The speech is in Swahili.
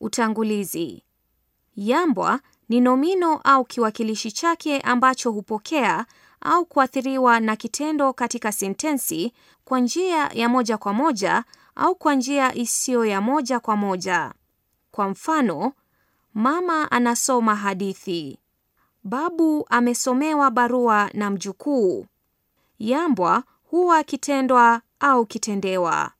Utangulizi. Yambwa ni nomino au kiwakilishi chake ambacho hupokea au kuathiriwa na kitendo katika sentensi kwa njia ya moja kwa moja au kwa njia isiyo ya moja kwa moja. Kwa mfano, mama anasoma hadithi. Babu amesomewa barua na mjukuu. Yambwa huwa kitendwa au kitendewa.